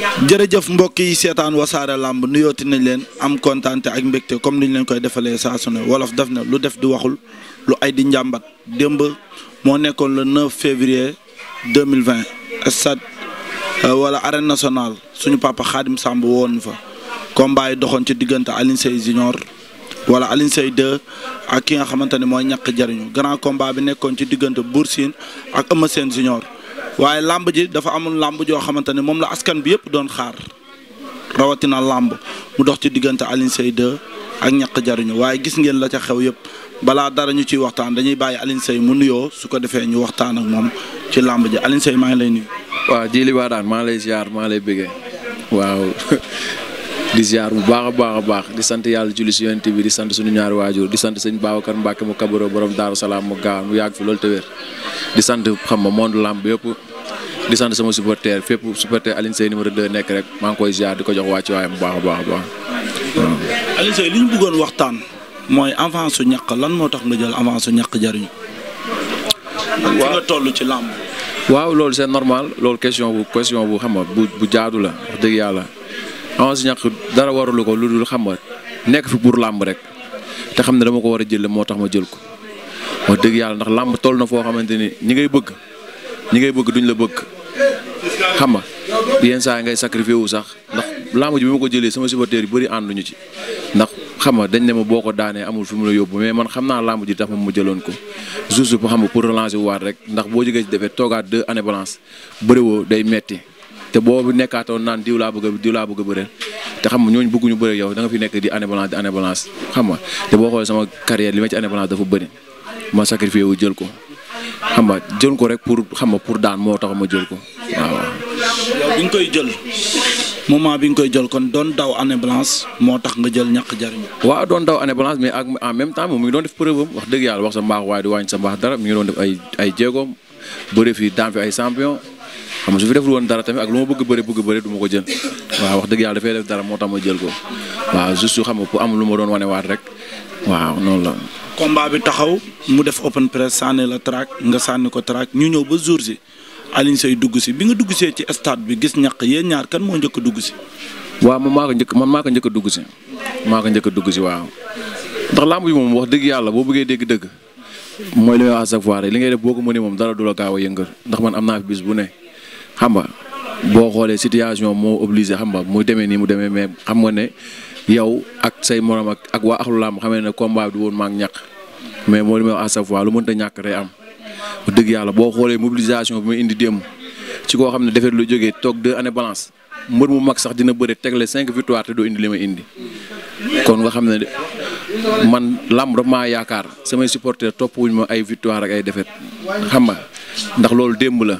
jërëjëf mbokk yi seetaan wasaare làmb nuyooti nañ leen am kontaan ak mbégte comme ni leen koy defalee saa su wolof def na lu def di waxul lu ay di njàmbat démb moo nekkoon le 9 février 2020 stade euh, wala arène national suñu papa Khadim Samb woon fa combat doxoon ci diggante Alioune junior wala Alioune Seye ak ki nga xamante ne mooy ñàkk jariñu grand combat bi nekkoon ci diggante Bour Sine ak Eumeu Sène junior waaye làmb ji dafa amul làmb joo xamante ne moom la askan bi yëpp doon xaar rawatina làmb mu dox ci diggante Alioune Seye ak ñaq jariñu waaye gis ngeen la ca xew yëpp balaa dara ñu ciy waxtaan dañuy bàyyi Alioune Seye mu nuyoo su ko defee ñu waxtaan ak moom ci làmb ji alinsey maa ngi lay nuyu. waaw jili baa daan maa lay ziar maa lay bëggee waaw di ziar bu baax a baax a baax di sant yàlla julli si yonent bi di sant suñu ñaari waajur di sant sëñ Babacar Mbacke mu kabaro borom Daaru Salaam mu gaaw mu yàgg fi loolu te wér di sant xam ma monde lamb yëpp di sant sama supporter fépp supporter Alioune Seye numéro 2 nekk rek maa ngi koy ziar di ko jox wàcc waayam bu baax a baax a baax. Alioune Seye li ñu bëggoon waxtaan mooy avance su ñaq lan moo tax nga jël avance su ñàkk jariñu. waaw toll ci lamb. waaw loolu seen normal loolu question bu question bu xam nga bu bu jaadu la wax yàlla. Onze ñàkk dara warulu ko lu dul xam nga nekk fi pour làmb rek te xam ne dama ko war a jël moo tax ma jël ko wax dëgg yàlla ndax làmb toll na foo xamante ni ñi ngay bëgg ñi ngay bëgg duñ la bëgg xam nga yenn saa ngay sacrifié wu sax ndax làmb ji bi ma ko jëlee sama supporteur yi bëri ànduñu ci ndax xam nga dañ ne ma boo ko daanee amul fi mu la yóbbu mais man xam naa làmb ji tax ma mu jëloon ko juste pour xam nga pour relancer waat rek ndax boo jógee ci defee toogaat deux années balance bëriwoo day metti te boobu nekkaatoon naan diw laa bëgg a diw laa bëgg a bëre te xam nga ñooñu bëgguñu bëre yow danga fi nekk di année blanche di année blanche xam nga te boo xoolee sama carrière li ma ci année blanche dafa wu jël ko xam nga jël ko rek pour xam nga pour daan moo tax ma jël ko waaw. yow bi koy jël moment bi koy jël kon doon daw année blanche moo tax nga jël ñàkk jariñ waaw doon daw année blanche mais en même temps moom mi ngi doon def preuve am wax dëgg yàlla wax sa mbaax waaye di wàññi sa mbaax dara mi ngi doon def ay ay jéegoom bëri fi daan fi ay champion xam nga su fi deful woon dara tamit ak lu ma bëgg bëri bëgg bëri duma ko jël waaw wax dëgg yàlla dafay def dara moo tax ma jël ko waaw juste xam nga pour am lu ma doon wane waat rek waaw noonu la. combat bi taxaw mu def open press sànni la track nga sànni ko track ñu ñëw ba jour si Alioune Seye dugg si bi nga dugg see ci stade bi gis ñàq yéen ñaar kan moo njëkk a dugg si. waaw man maa ko njëkk man maa njëkk dugg si maa ko njëkk dugg si waaw ndax làmb yi moom wax dëgg yàlla boo bëggee dégg dëgg mooy li may à chaque rek li ngay def boo ko mënee moom dara du la gaaw a yëngal ndax man am naa fi bis bu ne xam nga boo xoolee situation moo obligé xam nga mu demee nii mu demee mais xam nga ne yow ak say morom ak ak waa axlu laam xam ne combat bi du woon maag ñàkk mais mooy li may à chaque fois lu mënta ñàkk day am dëgg yàlla boo xoolee mobilisation bi muy indi démb ci koo xam ne defet lu jógee toog deux années balance mbër mu mag sax dina bëre tegle cinq victoire te doo indi li ma indi kon nga xam ne man làmb dafa maa yaakaar samay supporters topp wuñ ma ay victoire rek ay défaite xam nga ndax loolu démb la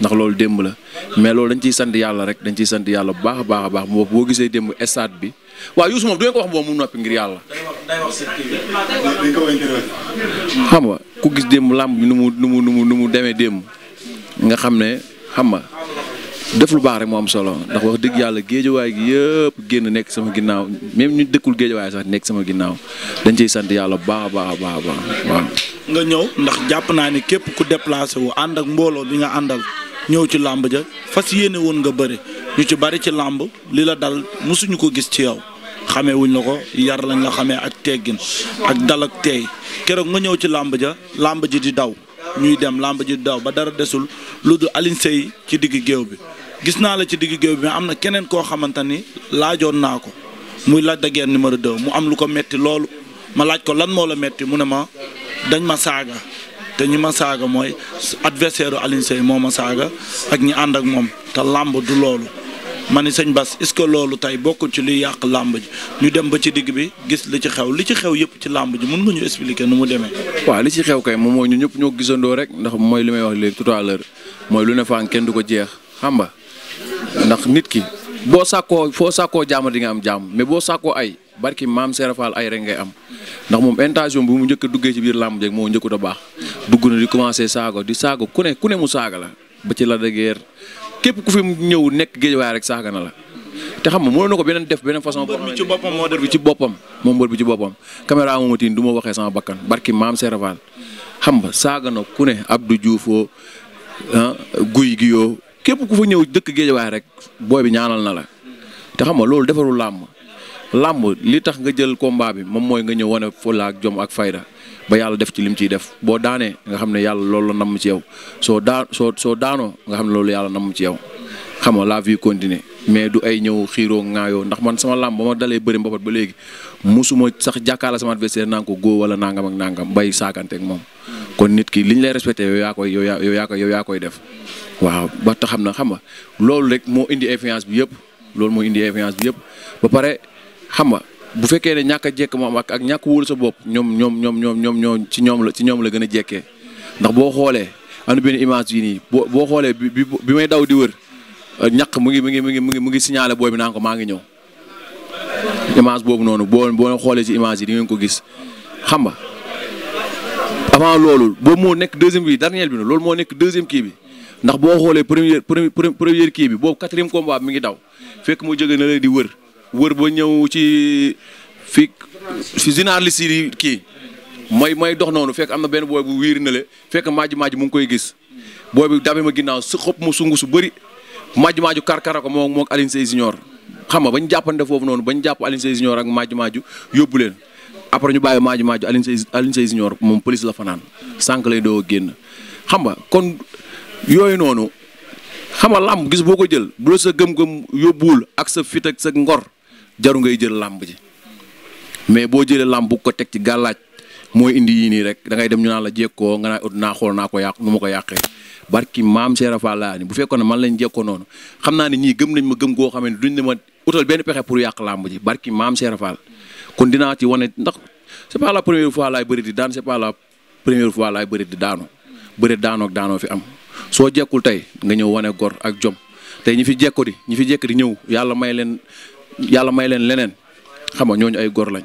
ndax loolu démb la mais loolu dañ ciy sant yàlla rek dañ ciy sant yàlla bu baax a baax a baax moo boo gisee démb stade bi waaw Youssou moom du ngeen ko wax moom mu noppi ngir yàlla. xam nga ku gis démb làmb bi nu mu nu mu nu mu demee démb nga xam ne xam def lu baax rek moo am solo ndax wax dëgg yàlla géejawaay gi yëpp génn nekk sama ginnaaw même ñu dëkkul géejawaay sax nekk sama ginnaaw dañ ciy sant yàlla baax baax baax baax waaw. nga ñëw ndax jàpp naa ni képp ku déplacé wu ànd ak mbooloo bi nga àndal ñëw ci làmb ja fas yéene woon nga bëri ñu ci bari ci làmb li la dal mosuñu ko gis ci yow xamee wuñ la ko yar lañ la xamee ak teggin ak dal ak teey keroog nga ñëw ci làmb ja làmb ji di daw ñuy dem làmb ji di daw ba dara desul lu dul Alioune ci digg géew bi. gis naa la ci diggu géew bi mais am na keneen koo xamante ni laajoon naa ko muy Lac de Guiers numéro 2 mu am lu ko metti loolu ma laaj ko lan moo la metti mu ne ma dañ ma saaga te ñi ma saaga mooy adversaire Alioune moo ma saaga ak ñi ànd ak moom te làmb du loolu ma ni sañ Bas est-ce que loolu tey bokkul ci luy yàq làmb ji ñu dem ba ci digg bi gis li ci xew li ci xew yëpp ci làmb ji mun nga ñu expliquer nu mu demee. waaw li ci xew kay moom mooy ñu ñëpp ñoo gisandoo rek ndax mooy li may wax léegi mooy lu ne faan kenn du ko jeex xam ndax nit ki boo saakoo foo saakoo jaama di nga am jaam mais boo saakoo ay barki maam Serafal ay rek ngay am ndax moom intention bu mu njëkk duggee ci biir làmb jeeg moo njëkkut a baax dugg na di commencé saago di saago ku ne ku ne mu saaga la ba ci la dëgër képp ku fi mu ñëw nekk géej waaye rek saaga na la. te xam ma mënoon na ko beneen def beneen façon. mbër bi boppam moo def ci boppam. moom mbër bi ci boppam caméra moomu tiin du ma waxee sama bakkan barki maam Serafal xam nga saaga na ku ne Abdou Diouf ah guy gi képp ku fa ñëw dëkk géejawaay rek booy bi ñaanal na la te xam nga loolu defaru làmb làmb li tax nga jël ko mbaa bi moom mooy nga ñëw wane fulla ak jom ak fayda ba yàlla def ci lim ciy def boo daanee nga xam ne yàlla loolu la namm ci yow soo daa soo soo daanoo nga xam ne loolu yàlla namm ci yow xam nga la vie continue mais du ay ñëw xiiroo ŋaayoo ndax man sama làmb ba ma dalee bëri mbapat ba léegi musuma sax jàkkaarla sama adversaire naan ko góo wala nangam ak nangam bay saakante ak moom kon nit ki li ñu lay respecté yow yaa koy yow yaa yow yaa koy koy def waaw ba tax xam na xam nga loolu rek moo indi influence bi yëpp loolu moo indi influence yëpp ba pare xam nga bu fekkee ne ñàkk jekk moom ak ak ñàkk wóolu sa bopp ñoom ñoom ñoom ñoom ñoom ñoom ci ñoom la ci ñoom la gën a jekkee ndax boo xoolee am benn image yi nii boo boo xoolee bi bi may daw di wër euh, ñàkk mu ngi mu ngi mu ngi mu ngi signalé booy bi naan maa ngi ñëw image boobu noonu boo boo xoolee si image yi di ngeen ko gis xam nga avant loolu boobu moo nekk deuxième bi dernier bi loolu moo nekk deuxième kii bi ndax boo xoolee premier premier kii bi boobu quatrième combat mi ngi daw fekk mu jóge na lee di wër wër ba ñëw ci fi si journaliste yi kii may may dox noonu fekk am na benn booy bu wiiri na le fekk maaj maaj mu ngi koy gis booy bi dabe ma ginnaaw su xob ma sungu su bëri maaj maaju karkara ko moom moog Alioune Sèye Junior xam nga bañ jàppante foofu noonu bañ jàpp Alioune Sèye Junior ak maaj maaju leen après ñu baay maaju maaju Alioune Seye Alioune Seye moom police la fanaan sànq lay doo génn xam nga kon yooyu noonu xam nga làmb gis boo ko jël bu la sa gëm-gëm yóbbuwul ak sa fit ak sa ngor jaru ngay jël làmb ji mais boo jëlee làmb bu ko teg ci gàllaaj mooy indi yii nii rek da ngay dem ñu naan la jekkoo nga naa ut naa xool naa ko yàq nu ma ko yàqee barki maam Cheikh Rafa laa ni bu fekkoon ne man lañ jekkoo noonu xam naa ni ñii gëm nañ ma gëm goo xam ne duñ ne ma utal benn pexe pour yàq làmb ji barki maam Cheikh Rafa kon dinaa ci wane ndax c'est pas la première fois laay bëri di daan c'est pas la fois laay bëri di daanu bëri daanoo ak daanoo fi am soo jekkul tey nga ñëw wane gor ak jom tey ñi fi jekko di ñi fi jekk di ñëw yàlla may leen yàlla may leen leneen xam nga ñooñu ay gor lañ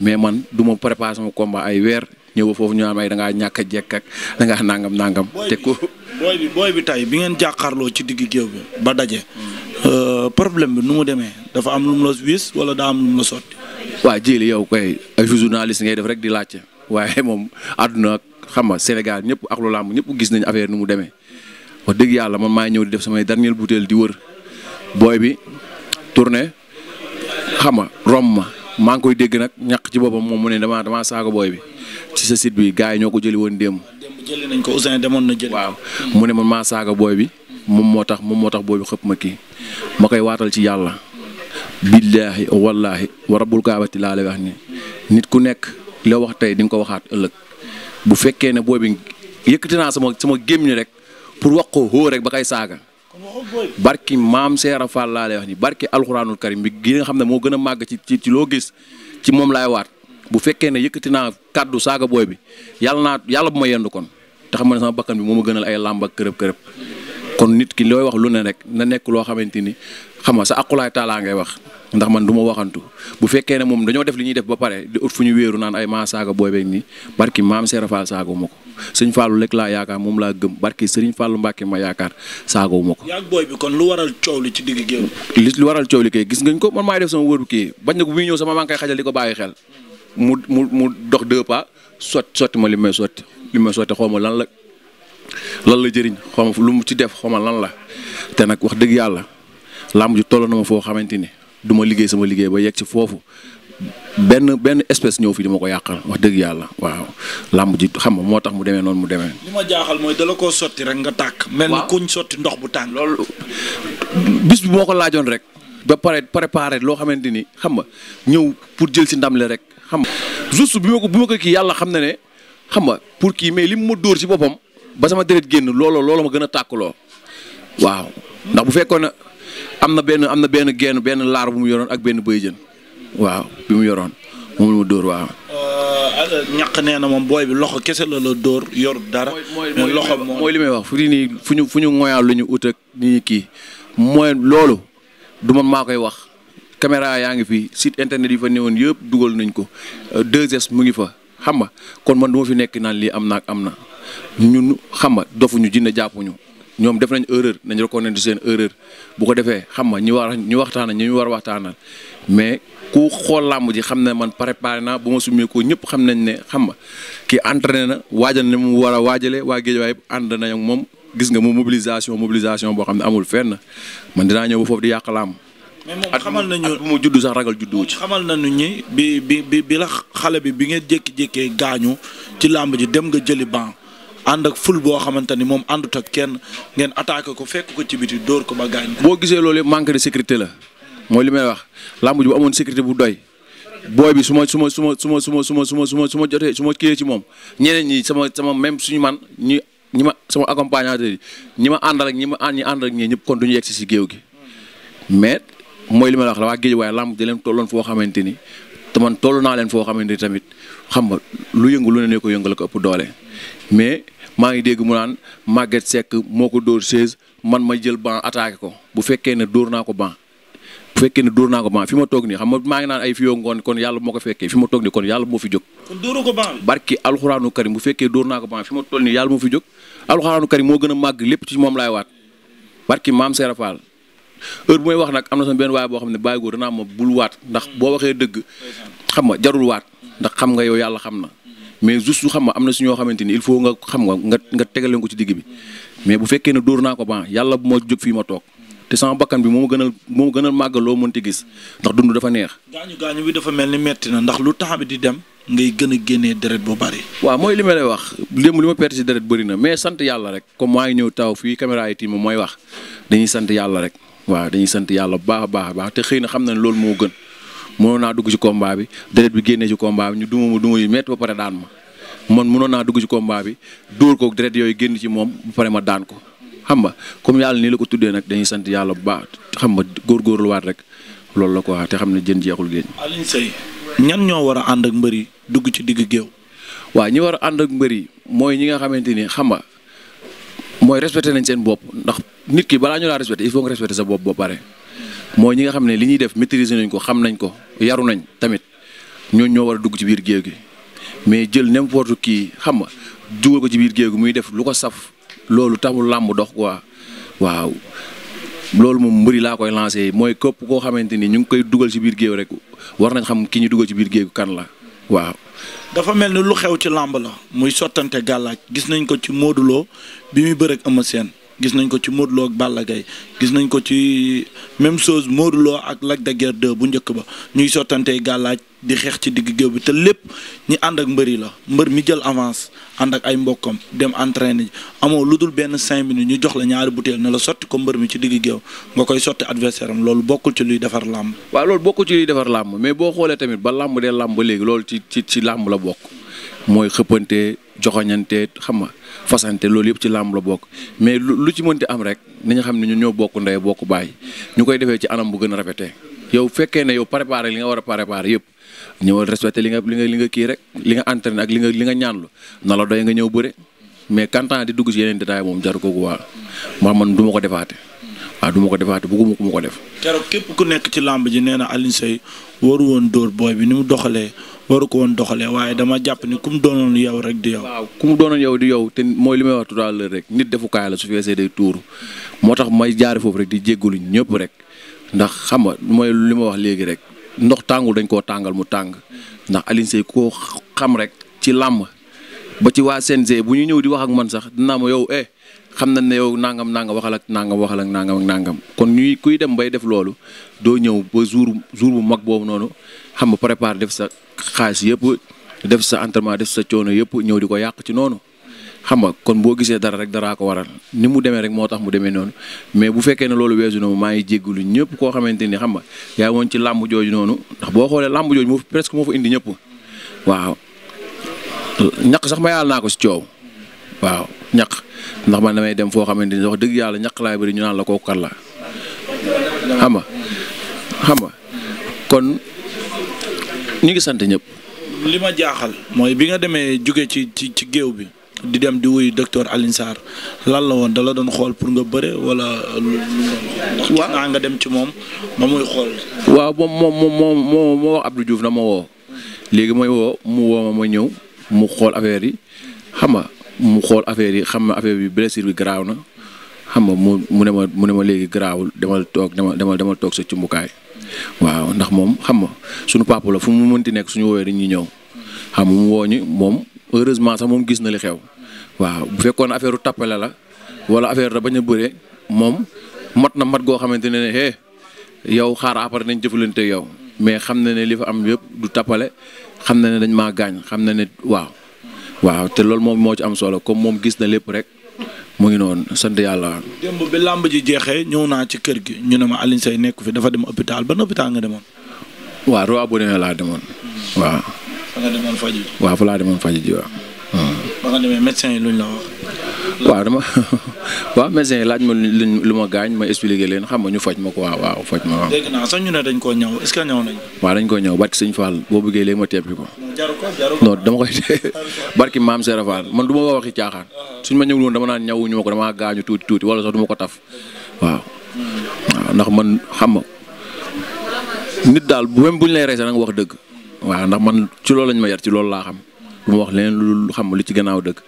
mais man du ma préparé sama combat ay weer ñëw ba foofu ñu naan ay da ngaa ñàkk a jekk ak da ngaa nangam nangam. te ko booy bi booy bi tey bi ngeen jàkkaarloo ci digg géew bi ba daje. Euh, problème bi nu mu demee dafa am lu mu la wis wala daa am lu la sotti. waa jili yow koy ay journaliste ngay def rek di laajte waaye moom àdduna xam Sénégal ñëpp ak lu làmb ñëpp gis nañ affaire nu mu demee wax dëgg yàlla man maa ñëw di def samay dernier bouteille di wër booy bi tourné xam nga rom ma maa ngi koy dégg nag ñàq ci boppam moom mu ne damaa damaa saaga booy bi ci sa site bi yi ñoo ko jëli woon démb. ko Ousin demoon na jëli. mu ne man maa saaga booy bi moom moo tax moom moo tax booy bi xëpp ma kii ma koy waatal ci yàlla. billaahi wallaahi wa rabbul kaabati laa la wax ni nit ku nekk la wax tey di nga ko waxaat ëllëg bu fekkee ne booy bi yëkkati naa sama sama gémmiñ rek pour wax ko hóo rek ba kay saaga barki maam Seera Fall laa lay wax ni barki alxuraanul karim bi gi nga xam ne moo gën a màgg ci loo gis ci moom laay waat bu fekkee ne yëkkati naa kàddu saaga booy bi yàlla naa yàlla bu ma yendu kon te xam ne sama bakkan bi moo ma gënal ay làmb ak kërëb kërëb kon nit ki looy wax rek na nekk loo xamante ni xam nga sa aqulaay taalaa ngay wax ndax man du ma waxantu bu fekkee ne moom dañoo def li ñuy def ba pare di ut fu ñu wéeru naan ay maa saaga booy beeg nii barki maam Seera Fall saaga ma ko sëñ Fallou lekk laa yaakaar moom laa gëm barki sëriñ Fallou Mbacke ma yaakaar saaga wu ma ko. yaag booy bi kon lu waral coow li ci digg géew. li waral coow li kay gis ngañ ko man maay def sama wër kii bañ na ko bu ñuy ñëw sama maa ngi koy ko bàyyi xel mu mu mu dox deux pas sotti sotti ma li may sot li may sotti xaw ma lan la lan la jëriñ xaw lu mu ci def xaw ma lan la te nag wax dëgg yàlla làmb ji toll na ma foo xamante ni du liggéey sama liggéey ba yegg ci foofu benn benn espèce ñëw fi di ma ko yàqal wax dëgg yàlla waaw làmb ji xam nga moo tax mu demee noonu mu demee. li ma jaaxal mooy dala koo sotti rek nga tàkk. mel ni kuñ sotti ndox bu tàng. loolu bis bi moo ko laajoon rek. ba pare préparé loo xamante ni xam nga ñëw pour jël si ndam le rek xam nga. juste bi ma ko bi kii yàlla xam na ne xam nga pour kii mais li mu ma dóor si boppam ba sama deret génn looloo looloo ma gën a tàkkuloo waaw ndax bu fekkoon am na benn am na benn genn benn laar bu mu yoroon ak benn bëy jën waaw bi mu yoroon moom mu dóor waaw. Euh, ñaq nee na moom booy bi loxo kese la la dóor yor dara. mooy loxo mooy li may wax fu nii fu ñu fu ñu lu ñu ut ak ni kii mooy loolu du man maa koy wax caméra yaa ngi fi site internet yi fa newoon yëpp dugal nañ ko 2 euh, mu ngi fa xam nga kon man du fi nekk naan lii am na ak am na ñun xam nga dofuñu jinne jàppuñu. ñoom def nañ erreur nañ reconnaître seen erreur bu ko defee xam nga ñu war ñu waxtaanal ñu war a waxtaanal mais ku xool làmb ji xam ne man préparé naa bu ma sumee ñëpp xam nañ ne xam nga kii entraîné na waajal na mu war a waajalee waa géej waaye ànd nañ moom gis nga mu mobilisation mobilisation boo xam ne amul fenn man dinaa ñëw ba di yàq làmb. mais moom xamal nañu bu sax ragal juddu ci. xamal nañu ñi bi bi bi bi la xale bi bi nga jékki-jékkee gaañu ci làmb ji dem nga jëli ban ànd ak ful boo xamante ni moom àndut kenn ngeen attaqué ko fekk ko ci biti dóor ko ba gaañ boo gisee loolu yëpp manque de sécurité la mooy li may wax làmb ji amoon sécurité bu doy booy bi su ma su ma su ma su ma su ma su ma su ci moom ñeneen ñi sama sama même suñu man ñi ñi ma sama accompagnateur yi ñi ma àndal ak ñi ma ñi àndal ak ñëpp kon du ñu yegg si géew gi mais mooy li ma la wax la waa géej waaye làmb di leen tolloon foo xamante ni te man toll naa leen foo xamante ni tamit xam nga lu yëngu lu ne ne ko yëngal ko ëpp doole mais maa ngi dégg mu naan Maguette sekk moo ko dóor saise man ma jël ban attaqué ko bu fekkee ne dóor naa ko ban bu fekkee ne dóor naa ko ban fi ma toog nii xam nga maa ngi naan ay fiyoo ngoon kon yàlla moo ko fi ma toog nii kon yàlla moo fi jóg. kon dóoru barki alxuraanu karim bu fekkee dóor naa ko ban fi ma toll nii yàlla moo fi jóg alxuraanu karim moo gën a màgg lépp ci moom laay waat barki maam Serap Fall heure bu may wax nag am na sama benn waay boo xam ne bàyyi góor danaa ma bul waat ndax boo waxee dëgg xam nga jarul ndax xam nga yow yàlla xam na mais juste xam na am na si ñoo xamante ni il faut nga xam nga nga nga tegaleen ko ci digg bi mais bu fekkee ne dóor naa ko ba yàlla bu ma jóg fii ma toog te sama bakkan bi moo ma gënal moo ma gënal màgg loo mënti gis ndax dund dafa neex. gaañu gaañu bi dafa mel ni metti na ndax lu tax di dem ngay gën a génnee deret bu bari. waaw mooy li ma lay wax démb li ma perte si deret bëri na mais sant yàlla rek comme maa ngi ñëw taw fii caméra yi tiim mooy wax dañuy sant yàlla rek waaw dañuy yàlla bu baax baax baax te xëy na xam na loolu moo gën mënoon naa dugg ci kombaa bi deret bi génnee ci combat bi ñu duma ma duma yi métti ba pare daan ma man mënoon naa dugg ci combat bi dóor ko deret yooyu génn ci moom ba pare ma daan ko xam nga comme yàlla nii la ko tuddee nag dañuy sant yàlla bu baax xam góorgóorluwaat rek loolu la ko te xam ne jën jeexul géej. Alioune Seye ñan ñoo war a ànd ak mbër yi dugg ci digg géew. waaw ñi war a ànd ak mbër yi mooy ñi nga xamante ni xam nga mooy respecté nañ seen bopp ndax nit ki balaa ñu laa respecté il faut nga sa bopp ba pare. mooy ñi nga xam ne li ñuy def maîtriser nañ ko xam nañ ko yaru nañ tamit ñooñu ñoo war a dugg ci biir géew gi mais jël n'importe kii xam nga dugal ko ci biir géew gi muy def lu ko saf loolu taxul làmb dox ko waaw loolu moom mbëri laa koy lancé mooy képp koo xamante ni ñu ngi koy dugal ci biir géew rek war nañ xam ki ñu dugal ci biir géew kan la waaw. dafa mel ni lu xew ci làmb la muy sottante gàllaaj gis nañ ko ci mooduloo bi muy bëreeg Eumeu seen gis nañ ko ci Modou Lo ak Balla Gaye gis nañ ko ci même chose Modou ak Lac de Guiers bu njëkk ba ñuy sottantee gàllaaj di xeex ci digg géew bi te lépp ñi ànd ak mbër yi la mbër mi jël avance ànd ak ay mbokkam dem entraîner amoo lu dul benn cinq minutes ñu jox la ñaari butéel ne la sotti ko mbër mi ci digg géew nga koy sotti adversaire am loolu bokkul ci luy defar làmb. waaw loolu bokkul ci luy defar làmb mais boo xoolee tamit ba làmb dee làmb ba léegi loolu ci ci ci làmb la bokk. mooy xëppante joxoñante xam nga fasante loolu yëpp ci làmb la bokk mais lu ci mënti am rek nañu xam ne ñu ñëw bokk ndey bokk baay ñu koy defee ci anam bu gën a rafetee yow fekkee ne yow préparé li nga war a préparé yëpp ñëwal respecté li nga li li nga kii rek li nga entraîné ak li nga li nga ñaanlu na la doy nga ñëw bëre mais kantaan di dugg ci yeneen détail moom jaru ko waa maa man du ma ko defaate waaw du ma ko defaate bëgguma ko ma ko def. keroog képp ku nekk ci làmb ji nee na Alioune Seye waru woon dóor bi ni mu doxalee. waru ko woon doxalee waaye dama jàpp ni ku mu doonoon yow rek di yow. waaw ku mu doonoon yow di yow te mooy li may wax tout à l'heure rek nit defukaay la su feesee day tuur moo tax may jaare foofu rek di jéggalu ñëpp rek ndax xam nga mooy li ma wax léegi rek ndox tàngul dañ koo tàngal mu tàng ndax Alioune koo xam rek ci làmb ba ci waa CNG bu ñu ñëw di wax ak man sax dinaa ma yow eh xam na ne yow nangam nangam waxal ak nangam waxal ak nangam ak nangam kon ñuy kuy dem bay def loolu doo ñëw ba jour jour bu mag boobu noonu xam nga prépare def sa xaalis yëpp def sa entraînement def sa coono yëpp ñëw di ko yàq ci noonu. xam nga kon boo gisee dara rek daraa ko waral ni mu demee rek moo tax mu demee noonu mais bu fekkee ne loolu weesu na ma maa ngi jégalu ñëpp koo xamante ni xam nga yaa woon ci làmb jooju noonu ndax boo xoolee làmb jooju moo presque moo fa waaw. ñaq sax ma yàlla naa ko si coow waaw ñaq ndax ma na may dem foo xamante ni wax dëgg yàlla ñaq laay bëri ñu naan la koo kan la xam nga kon ñu ngi sant ñëpp. li ma jaaxal mooy bi nga demee jóge ci ci ci géew bi di dem di wuyu docteur Alioune Sarr lan la woon dala doon xool pour nga bëre wala. waaw naa nga dem ci moom ma muy xool. waaw moom moom moo moo moo wax Abdou Diouf na ma woo léegi mooy woo mu woo ma ma ñëw. mu xool affaire yi xam nga mu xool affaire yi xam na affaire bi blessure bi garaaw na xam nga mu mu ne ma mu ne ma léegi garaawul demal toog demal demal demal toog sa cumbukaay waaw ndax moom xam nga suñu papa la fu mu mënti nekk suñu woowee dañuy ñëw xam nga mu wooñu moom heureusement sax moom gis na li xew waaw bu fekkoon affaire tappale la wala affaire da bañ a bëree moom mat na mat goo xamante ne ne hé yow xaar après nañ jëfalante yow mais xam na ne li fa am yépp du tappale xam na ne dañ ma gaañ xam na ne waaw. waaw te loolu moom moo ci am solo comme moom gis na lépp rek mu ngi noonu sant yàlla. démb bi làmb ji jeexee ñëw naa ci kër gi ñu ne ma Alioune say nekku fi dafa dem hôpital ban hôpital nga demoon. waa Roi Baudouin laa demoon. waaw. fa nga demoon faj fa laa demoon faj ji waaw. médecin yi luñ la wax. waaw dama. waaw médecin laaj ma lu ma gaañ ma expliqué leen xam nga ñu faj ma ko waaw waaw faj ma waaw. dañ koo ñëw est-ce waaw dañ koy ñëw barki sëñ Fall boo bëggee léegi ma tepp ko. jaru ko jaru ko dama koy barki maam Serap Fall man du ma ko waxi caaxaan suñ ma ñëwul woon dama naan ñëwuñu ma ko dama gaañu tuuti tuuti wala sax du ko taf waaw. ndax man xam nga nit daal bu même bu ñu lay rey sax nga wax dëgg waaw ndax man ci loolu lañ ma yar ci loolu laa xam bu wax leen lu xam lu ci gannaaw dëgg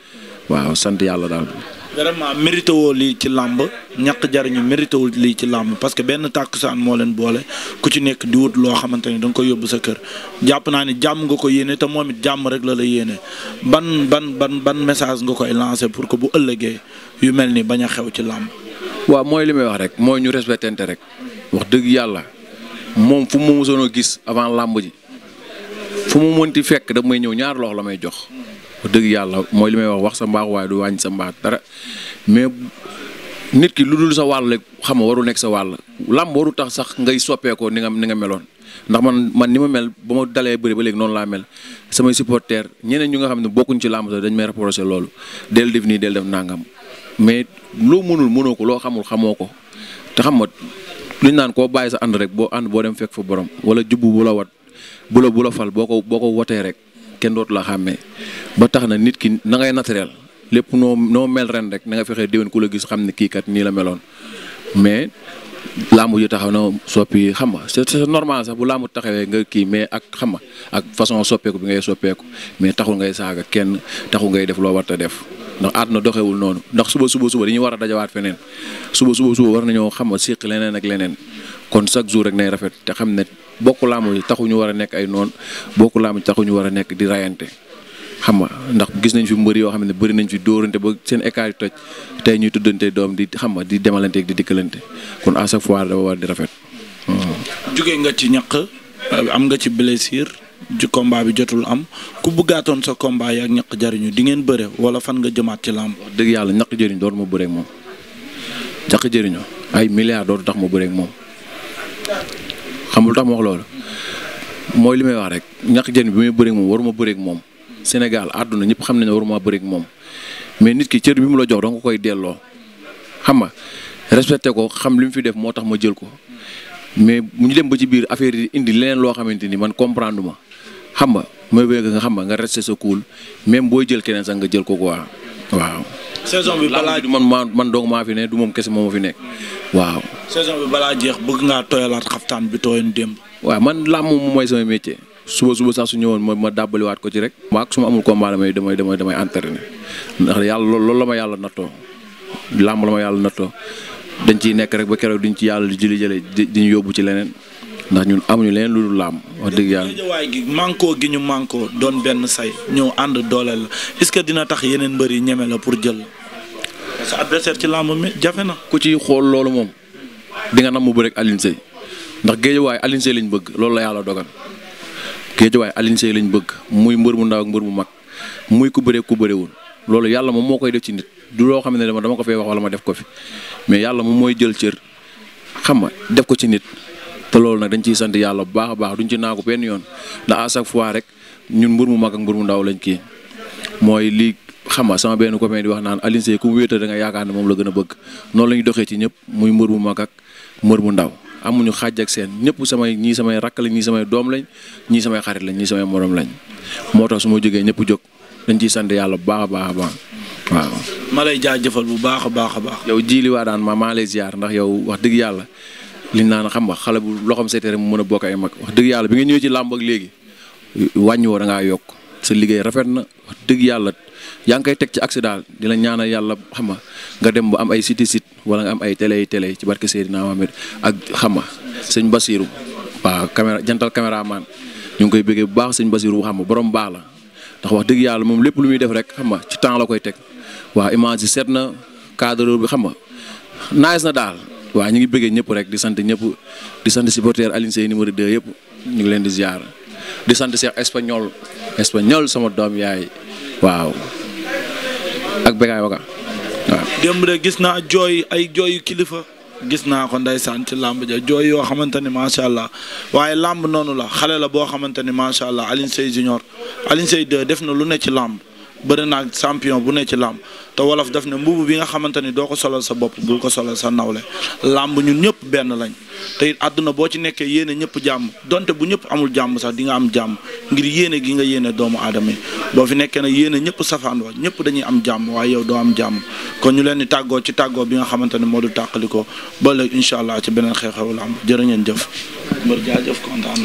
waaw sant yàlla daal vraiment mérité lii ci làmb ñàkk jariñu mérité wul lii ci làmb parce que benn tàkkusaan moo leen boole ku ci nekk di wut loo xamante ni da koy yóbbu sa kër jàpp naa ni jàmm nga ko yéene te moom it jàmm rek la la yéene ban ban ban ban message nga koy lancé pour que bu ëllëgee yu mel ni bañ a xew ci làmb. waaw mooy li may wax rek mooy ñu respectante rek wax dëgg yàlla moom fu mu mësoon a gis avant làmb ji fu mu mënti fekk da may ñëw ñaar loxo la may jox. wax yàlla mooy li may wax wax sa mbaax waaye du wàññi sa mbaax dara mais nit ki lu dul sa wàll xam nga warul nekk sa wàll làmb waru tax sax ngay soppeekoo ni nga ni nga meloon ndax man man ni ma mel ba ma dalee bëri léegi noonu laa mel samay supporter ñeneen ñu nga xam ne bokkuñ ci làmb sax dañ may reproché loolu del def nii del def nangam mais loo mënul mënoo ko loo xamul xamoo ko te xam ma lu ñu naan koo bàyyi sa ànd rek boo ànd boo dem fekk fa borom wala jubbu bu la wat bu la bu la fal boo ko boo ko wotee rek kenn dootu la xàmmee ba tax na nit ki na ngay naturel lépp noo noo mel ren rek na nga fexee déwén ku la gis xam ne kii kat nii la meloon mais laamu ji taxaw na soppi xam nga c'est normal sax bu laamu taxawee nga kii mais ak xam ak façon soppeeku bi ngay soppeeku mais taxul ngay saaga kenn taxul ngay def loo war def ndax àdduna doxewul noonu ndax suba suba suba dañuy war a dajawaat feneen suba suba suba war nañoo xam nga séq leneen ak leneen kon chaque jour rek nay rafet te xam ne bokk laamu yi taxuñu war a nekk ay noon bokku laamu yi taxuñu war a nekk di rayante xam nga ndax gis nañ fi mbër yoo xam ne bari nañ fi dóorante ba seen écart yu toj tey ñuy tuddante doom di xam nga di demalante di dikkalante kon à fois dafa war di rafet. Hmm. nga ci ñaq euh, am nga ci blessure ci combat bi jotul am ku bëggaatoon sa combat yi ak ñaq jariñu di ngeen bëre wala fan nga jëmaat ci làmb. wax dëgg yàlla ñaq jëriñ doon ma bëreeg moom ñaq jëriñu ay milliards dootu tax ma bëreeg moom. xamul tax ma wax loolu mooy li may wax rek ñaq jën bi may bëreeg moom waruma bëreeg moom Sénégal àdduna ñëpp xam nañ ne waruma bëreeg moom mais nit ki cër bi mu la jox danga koy delloo xam nga respecté ko xam li mu fi def moo tax ma jël ko mais mu ñu dem ba ci biir affaire yi indi leneen loo xamante ni man comprendre ma xam nga mooy bëgg nga xam nga nga resté sa cool même booy jël keneen sax nga jël ko quoi waaw. saison bi balaa man man man dong maa fi ne du moom kese moo ma fi nekk waaw. saison bi balaa jeex bëgg ngaa tooyalaat xaftaan bi tooyoon démb. waa man làmm moom mooy sama métier suba suba sax su ñëwoon ma ma dàbbaliwaat ko ci rek. waaw su ma amul combat damay damay damay damay entraîné ndax lool la ma yàlla nattoo làmm la ma yàlla nattoo dañ ci nekk rek ba keroog duñ ci yàlla di jëli jële di ñu yóbbu ci leneen. ndax ñun amuñu leen lu dul làmb wax dëgg yàlla. géejawaay gi manko gi ñu manko doon benn say ñëw ànd dooleel est-ce que dina tax yeneen mbër yi ñeme la pour jël parce que adversaire ci làmb mi jafe na. ku ci xool loolu moom di nga namm bu rek Alioune Seye ndax géejawaay Alioune Seye lañ bëgg loolu la yàlla dogal géejawaay Alioune Seye lañ bëgg muy mbër mu ndaw mbër mu mag muy ku bëree ku bëreewul loolu yàlla moom moo koy def ci du loo xam ne dama dama ko fee wax ma def ko fi mais yàlla moom mooy jël cër xam nga def ko ci nit te loolu nag dañ ciy sant yàlla bu baax baax duñ ci naagu benn yoon ndax fois rek ñun mbër mu mag ak mu ndaw lañ kii mooy lii xam nga sama benn copain di wax naan Alioune Seye ku mu wéetal nga yaakaar ne moom la gën a bëgg noonu la doxee ci ñëpp muy mbër mu mag ak mu ndaw amuñu xàjj ak seen ñëpp samay ñii samay rakk samay doom lañ ñii samay xarit lañ ñii samay morom lañ moo tax su ma jógee ñëpp jóg dañ ciy sant yàlla bu baax a baax a baax waaw. ma lay jëfal bu baax a baax a baax. yow jiili waa daan ma maa lay ziar ndax yow wax dëgg yàlla liñ naan xam nga xale bu loxoom seeteere mu mën a bokk ay mag wax dëgg yàlla bi nga ñëwee ci làmb ak léegi wàññi woo da ngaa yokk sa liggéey rafet na dëgg yàlla yaa ngi koy teg ci accident di la ñaanal yàlla xam nga nga dem bu am ay site site wala nga am ay tele télé télé ci barke Seydina Mohamed ak xam nga sëñ Basirou waaw caméra jantal caméraman ñu ngi koy bëggee bu baax sëñ Basirou xam nga borom baax la ndax wax dëgg yàlla moom lépp lu muy def rek xam nga ci temps la koy teg waaw image yi seet na cadre bi xam nga naaj na daal. waaw ñu ngi bëggee ñëpp rek di sant ñëpp di sant supporter Alioune Seye numéro 2 yëpp ñu ngi leen di ziar di sant Cheikh espagnol espagnol sama doom yaay waaw ak Begaay Waka démb de gis naa jooy ay jooyu kilifa. gis naa ko ndeysaan ci làmb ja jooy yoo xamante ni macha allah waaye làmb noonu la xale la boo xamante ni macha allah Alioune Seye junior Alioune Seye 2 def na lu ne ci làmb. bëri naag champion bu ne ci làmb te wolof daf ne mbubu bi nga xamante ni doo ko solal sa bopp bul ko solal sa nawle làmb ñun ñëpp benn lañ te àdduna boo ci nekkee yéene ñëpp jàmm donte bu ñëpp amul jàmm sax di nga am jàmm ngir yéene gi nga yéene doomu aadama yi boo fi nekkee nag yéene ñëpp safaan wa ñëpp dañuy am jàmm waaye yow doo am jàmm kon ñu leen di tàggoo ci tàggoo bi nga xamante ne moo du tàqaliko ba léegi incha allah ci beneen xew-xewu làmb jërë ngeen jëf mbër jaajëf kontaan